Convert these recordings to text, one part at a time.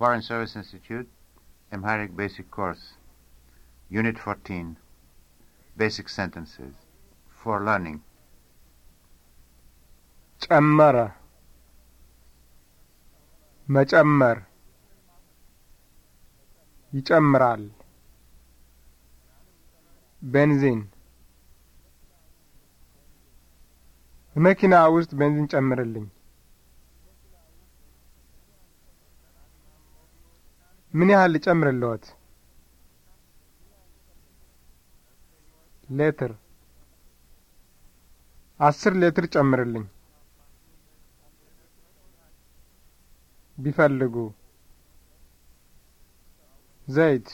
Foreign Service Institute, Amharic Basic Course, Unit 14, Basic Sentences for Learning. Chamara. Machammar. Ichamral. Benzin. መኪና ውስጥ benzene ጨምርልኝ። ምን ያህል ልጨምርልዎት? ሌትር አስር ሌትር ጨምርልኝ። ቢፈልጉ ዘይት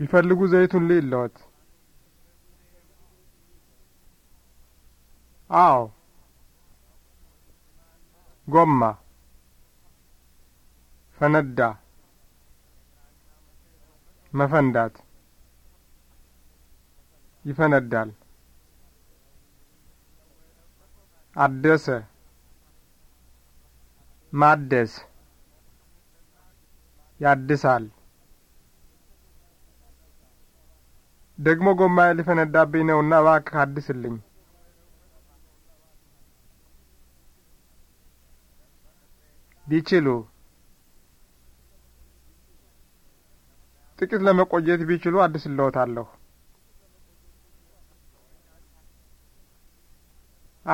ቢፈልጉ ዘይቱን ልይለዎት? አዎ። ጎማ ፈነዳ መፈንዳት ይፈነዳል አደሰ ማደስ ያድሳል ደግሞ ጎማዬ ሊፈነዳብኝ ነውና እባክህ አድስልኝ ቢችሉ ጥቂት ለመቆየት ቢችሉ አድስልዎታለሁ።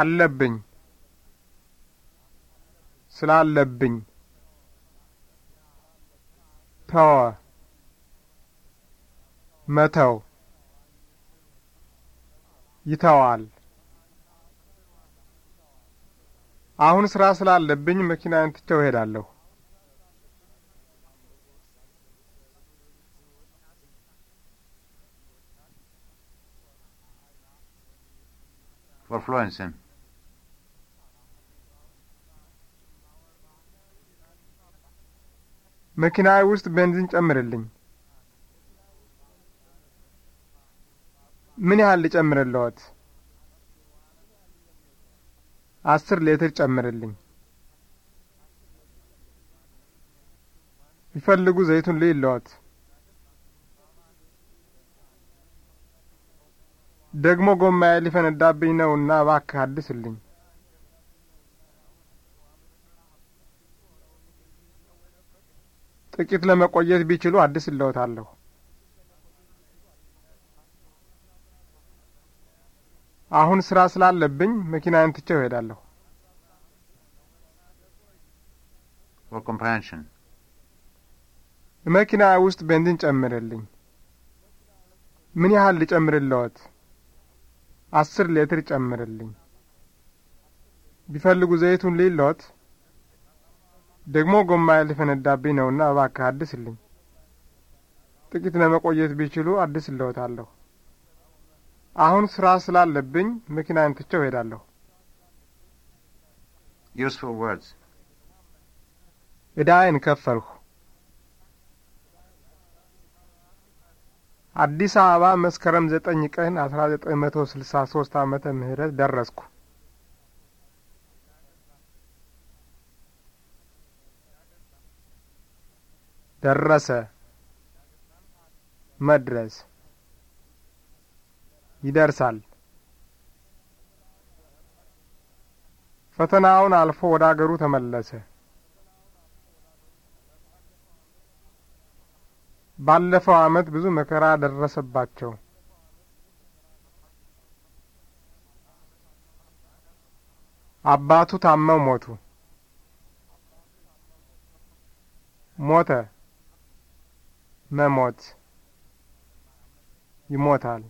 አለብኝ ስላለብኝ ተወ መተው ይተዋል። አሁን ስራ ስላለብኝ መኪናዬን ትቼው እሄዳለሁ። forflorence. መኪና ውስጥ ቤንዚን ጨምርልኝ። ምን ያህል ልጨምርልዎት? አስር ሌትር ጨምርልኝ። ይፈልጉ ዘይቱን ልይልዎት። ደግሞ ጎማዬ ሊፈነዳብኝ ነውና እባክህ አድስልኝ። ጥቂት ለመቆየት ቢችሉ አድስልዎታለሁ። አሁን ስራ ስላለብኝ መኪናዬን ትቼው እሄዳለሁ። መኪና ውስጥ ቤንዚን ጨምርልኝ። ምን ያህል ልጨምርልዎት? አስር ሌትር ጨምርልኝ። ቢፈልጉ ዘይቱን ሊሎት ደግሞ ጎማ ሊፈነዳብኝ ነውና እባክህ አድስልኝ። ጥቂት ለመቆየት ቢችሉ አዲስ እለወታለሁ። አሁን ስራ ስላለብኝ መኪናዬን ትቼው ሄዳለሁ። ዩስፉል ወርድስ ከፈልሁ። አዲስ አበባ መስከረም ዘጠኝ ቀን አስራ ዘጠኝ መቶ ስልሳ ሶስት አመተ ምህረት ደረስኩ። ደረሰ መድረስ ይደርሳል። ፈተናውን አልፎ ወደ አገሩ ተመለሰ። ባለፈው ዓመት ብዙ መከራ ደረሰባቸው። አባቱ ታመው ሞቱ። ሞተ፣ መሞት፣ ይሞታል።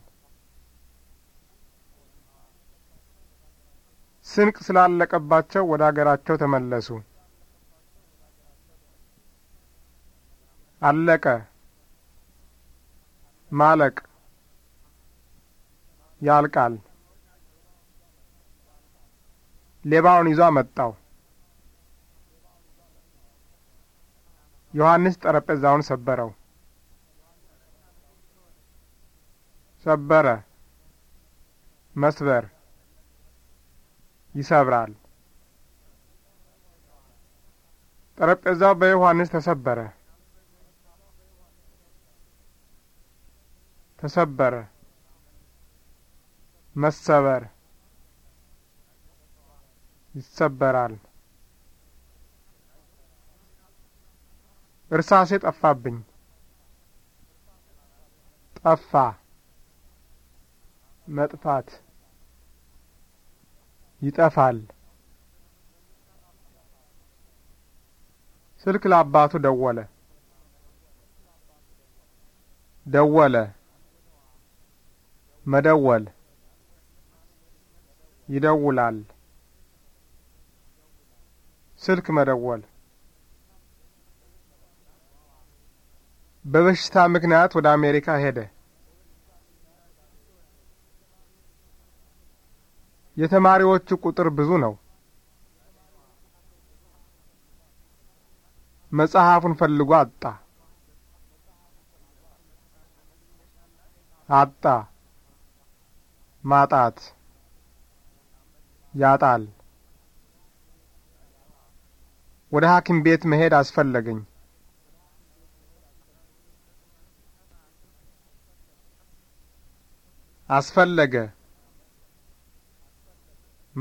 ስንቅ ስላለቀባቸው ወደ አገራቸው ተመለሱ። አለቀ። ማለቅ ያልቃል። ሌባውን ይዞ አመጣው። ዮሐንስ ጠረጴዛውን ሰበረው። ሰበረ፣ መስበር፣ ይሰብራል። ጠረጴዛው በዮሐንስ ተሰበረ። تسبر መሰበር ይሰበራል። እርሳሴ ጠፋብኝ፣ ጠፋ፣ መጥፋት፣ ይጠፋል። ስልክ ለአባቱ ደወለ፣ ደወለ መደወል ይደውላል ስልክ መደወል በበሽታ ምክንያት ወደ አሜሪካ ሄደ። የተማሪዎቹ ቁጥር ብዙ ነው። መጽሐፉን ፈልጎ አጣ አጣ ማጣት ያጣል። ወደ ሐኪም ቤት መሄድ አስፈለገኝ። አስፈለገ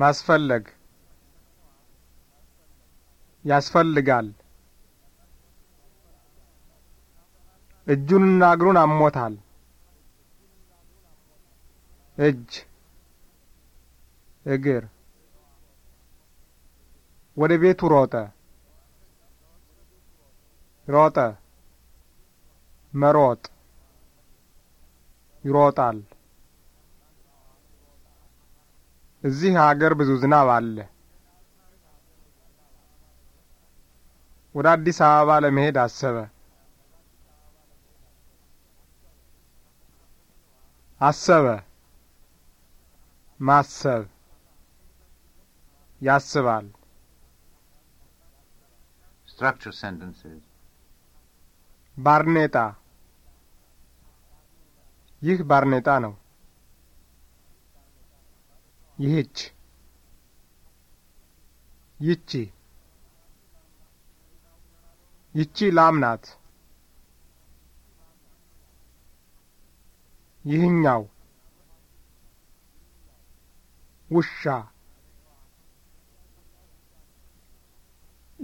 ማስፈለግ ያስፈልጋል። እጁንና እግሩን አሞታል። እጅ እግር ወደ ቤቱ ሮጠ ሮጠ መሮጥ ይሮጣል። እዚህ አገር ብዙ ዝናብ አለ። ወደ አዲስ አበባ ለመሄድ አሰበ። አሰበ ማሰብ ያስባል። structure sentences ባርኔጣ ይህ ባርኔጣ ነው። ይህች ይቺ ይቺ ላም ናት። ይህኛው ውሻ።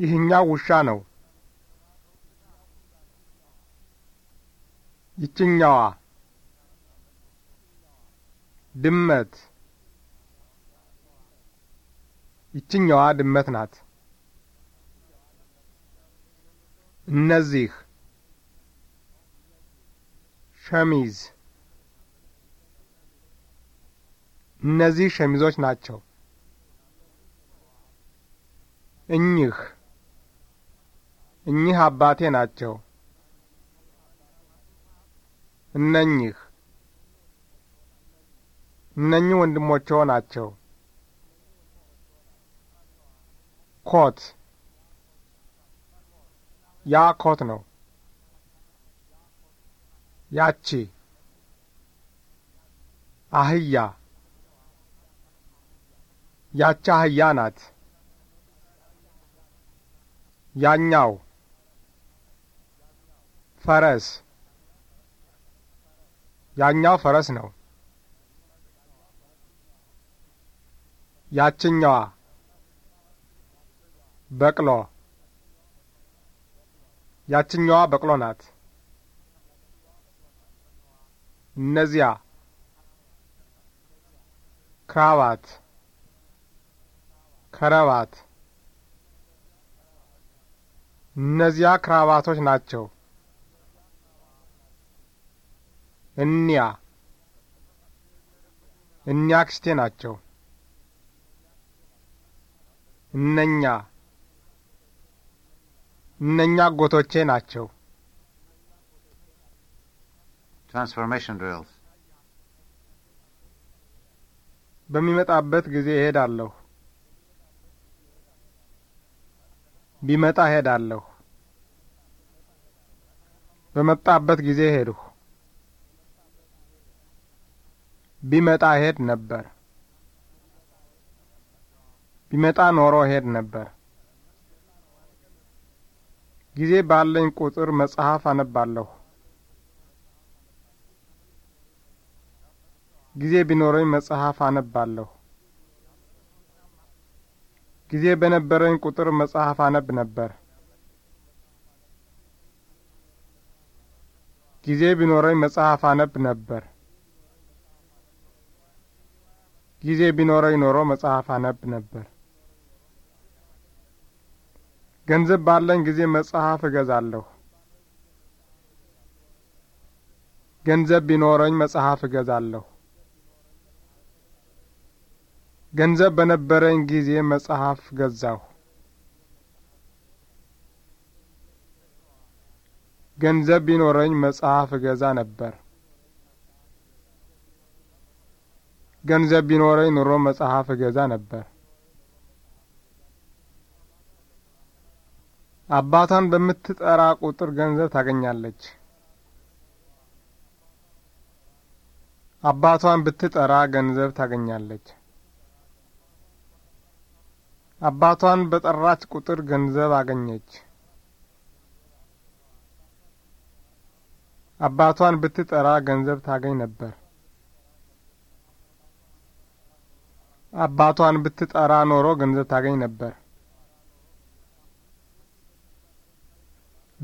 ይህኛው ውሻ ነው። ይችኛዋ ድመት። ይችኛዋ ድመት ናት። እነዚህ ሸሚዝ እነዚህ ሸሚዞች ናቸው። እኚህ እኚህ አባቴ ናቸው። እነኚህ እነኚህ ወንድሞችዎ ናቸው። ኮት ያ ኮት ነው። ያቺ አህያ ያቻ አህያ ናት። ያኛው ፈረስ ያኛው ፈረስ ነው። ያችኛዋ በቅሎ ያችኛዋ በቅሎ ናት። እነዚያ ክራባት ከረባት እነዚያ ክራባቶች ናቸው። እኒያ እኒያ ክስቴ ናቸው። እነኛ እነኛ አጎቶቼ ናቸው። ትራንስፎርሜሽን ድሪልስ በሚመጣበት ጊዜ እሄዳለሁ። ቢመጣ ሄዳለሁ። በመጣበት ጊዜ ሄድሁ። ቢመጣ ሄድ ነበር። ቢመጣ ኖሮ ሄድ ነበር። ጊዜ ባለኝ ቁጥር መጽሐፍ አነባለሁ። ጊዜ ቢኖረኝ መጽሐፍ አነባለሁ። ጊዜ በነበረኝ ቁጥር መጽሐፍ አነብ ነበር። ጊዜ ቢኖረኝ መጽሐፍ አነብ ነበር። ጊዜ ቢኖረኝ ኖሮ መጽሐፍ አነብ ነበር። ገንዘብ ባለኝ ጊዜ መጽሐፍ እገዛለሁ። ገንዘብ ቢኖረኝ መጽሐፍ እገዛለሁ። ገንዘብ በነበረኝ ጊዜ መጽሐፍ ገዛሁ። ገንዘብ ቢኖረኝ መጽሐፍ እገዛ ነበር። ገንዘብ ቢኖረኝ ኑሮ መጽሐፍ እገዛ ነበር። አባቷን በምትጠራ ቁጥር ገንዘብ ታገኛለች። አባቷን ብትጠራ ገንዘብ ታገኛለች። አባቷን በጠራች ቁጥር ገንዘብ አገኘች። አባቷን ብትጠራ ገንዘብ ታገኝ ነበር። አባቷን ብትጠራ ኖሮ ገንዘብ ታገኝ ነበር።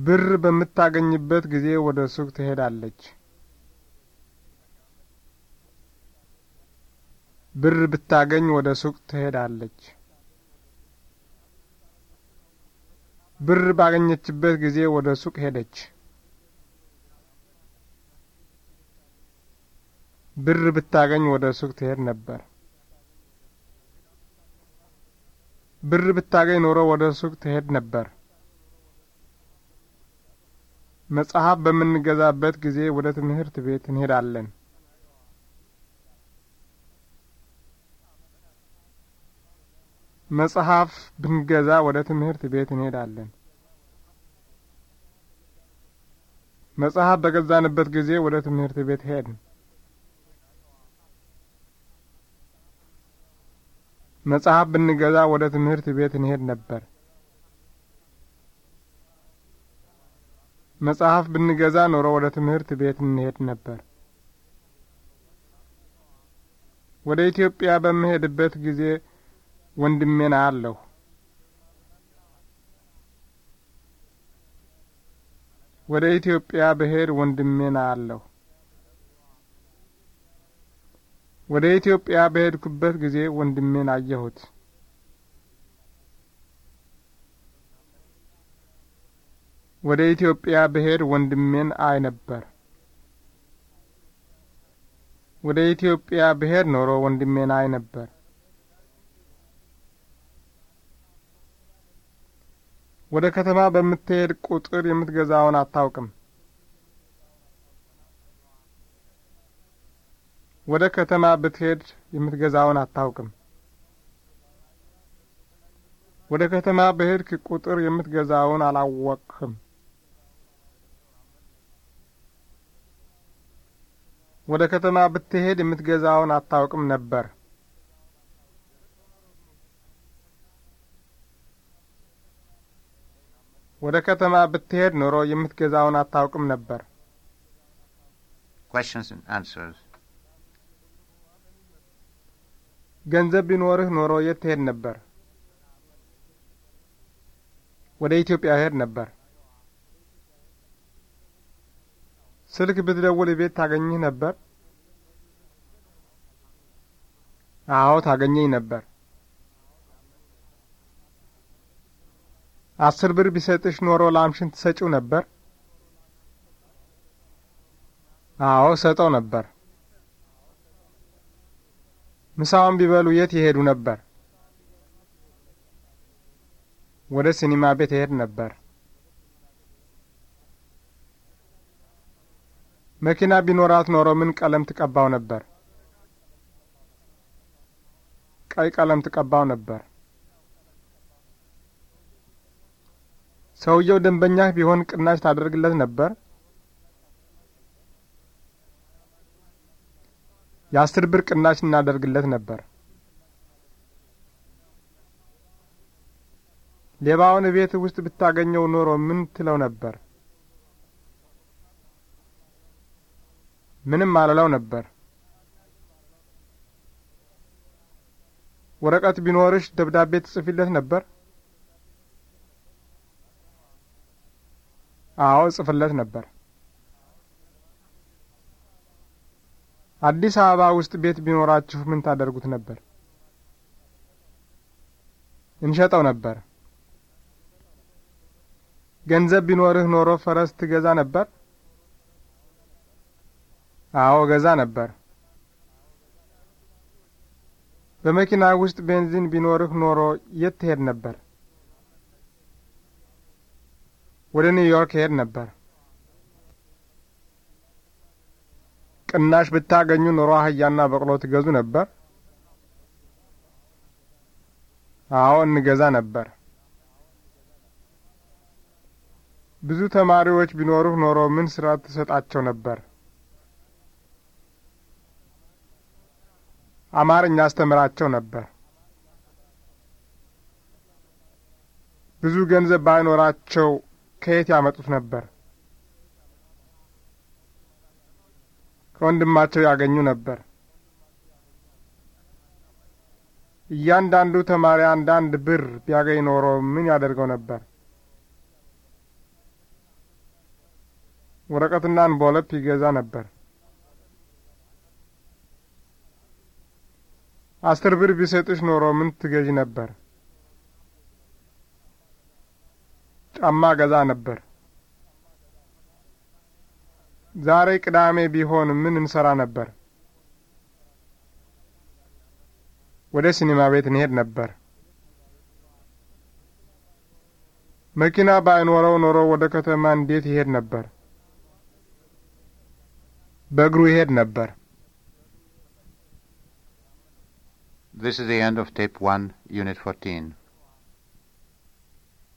ብር በምታገኝበት ጊዜ ወደ ሱቅ ትሄዳለች። ብር ብታገኝ ወደ ሱቅ ትሄዳለች። ብር ባገኘችበት ጊዜ ወደ ሱቅ ሄደች። ብር ብታገኝ ወደ ሱቅ ትሄድ ነበር። ብር ብታገኝ ኖሮ ወደ ሱቅ ትሄድ ነበር። መጽሐፍ በምንገዛበት ጊዜ ወደ ትምህርት ቤት እንሄዳለን። መጽሐፍ ብንገዛ ወደ ትምህርት ቤት እንሄዳለን። መጽሐፍ በገዛንበት ጊዜ ወደ ትምህርት ቤት ሄድን። መጽሐፍ ብንገዛ ወደ ትምህርት ቤት እንሄድ ነበር። መጽሐፍ ብንገዛ ኖሮ ወደ ትምህርት ቤት እንሄድ ነበር። ወደ ኢትዮጵያ በምሄድበት ጊዜ ወንድሜን አያለሁ። ወደ ኢትዮጵያ ብሄድ ወንድሜን አያለሁ። ወደ ኢትዮጵያ በሄድኩበት ጊዜ ወንድሜን አየሁት። ወደ ኢትዮጵያ ብሄድ ወንድሜን አይ ነበር። ወደ ኢትዮጵያ ብሄድ ኖሮ ወንድሜን አይ ነበር። ወደ ከተማ በምትሄድ ቁጥር የምትገዛውን አታውቅም። ወደ ከተማ ብትሄድ የምትገዛውን አታውቅም። ወደ ከተማ በሄድክ ቁጥር የምትገዛውን አላወቅህም። ወደ ከተማ ብትሄድ የምትገዛውን አታውቅም ነበር። ወደ ከተማ ብትሄድ ኖሮ የምትገዛውን አታውቅም ነበር። ገንዘብ ቢኖርህ ኖሮ የት ትሄድ ነበር? ወደ ኢትዮጵያ ሄድ ነበር። ስልክ ብትደውል ቤት ታገኝህ ነበር? አዎ ታገኘኝ ነበር። አስር ብር ቢሰጥሽ ኖሮ ላምሽን ትሰጪው ነበር? አዎ ሰጠው ነበር። ምሳውን ቢበሉ የት ይሄዱ ነበር? ወደ ሲኒማ ቤት ይሄድ ነበር። መኪና ቢኖራት ኖሮ ምን ቀለም ትቀባው ነበር? ቀይ ቀለም ትቀባው ነበር። ሰውየው ደንበኛህ ቢሆን ቅናሽ ታደርግለት ነበር? የአስር ብር ቅናሽ እናደርግለት ነበር። ሌባውን ቤት ውስጥ ብታገኘው ኖሮ ምን ትለው ነበር? ምንም አልለው ነበር። ወረቀት ቢኖርሽ ደብዳቤ ትጽፊለት ነበር? አዎ ጽፍለት ነበር። አዲስ አበባ ውስጥ ቤት ቢኖራችሁ ምን ታደርጉት ነበር? እንሸጠው ነበር። ገንዘብ ቢኖርህ ኖሮ ፈረስ ትገዛ ነበር? አዎ ገዛ ነበር። በመኪና ውስጥ ቤንዚን ቢኖርህ ኖሮ የት ትሄድ ነበር? ወደ ኒውዮርክ ሄድ ነበር። ቅናሽ ብታገኙ ኖሮ አህያና በቅሎ ትገዙ ነበር? አዎ እንገዛ ነበር። ብዙ ተማሪዎች ቢኖሩህ ኖሮ ምን ስራ ትሰጣቸው ነበር? አማርኛ አስተምራቸው ነበር። ብዙ ገንዘብ ባይኖራቸው ከየት ያመጡት ነበር? ከወንድማቸው ያገኙ ነበር። እያንዳንዱ ተማሪ አንዳንድ ብር ቢያገኝ ኖሮ ምን ያደርገው ነበር? ወረቀትና እንቦለብ ይገዛ ነበር። አስር ብር ቢሰጥሽ ኖሮ ምን ትገዢ ነበር? ጫማ ገዛ ነበር። ዛሬ ቅዳሜ ቢሆን ምን እንሰራ ነበር? ወደ ሲኒማ ቤት እንሄድ ነበር። መኪና ባይኖረው ኖሮ ወደ ከተማ እንዴት ይሄድ ነበር? በእግሩ ይሄድ ነበር። This is the end of tape 1, unit 14.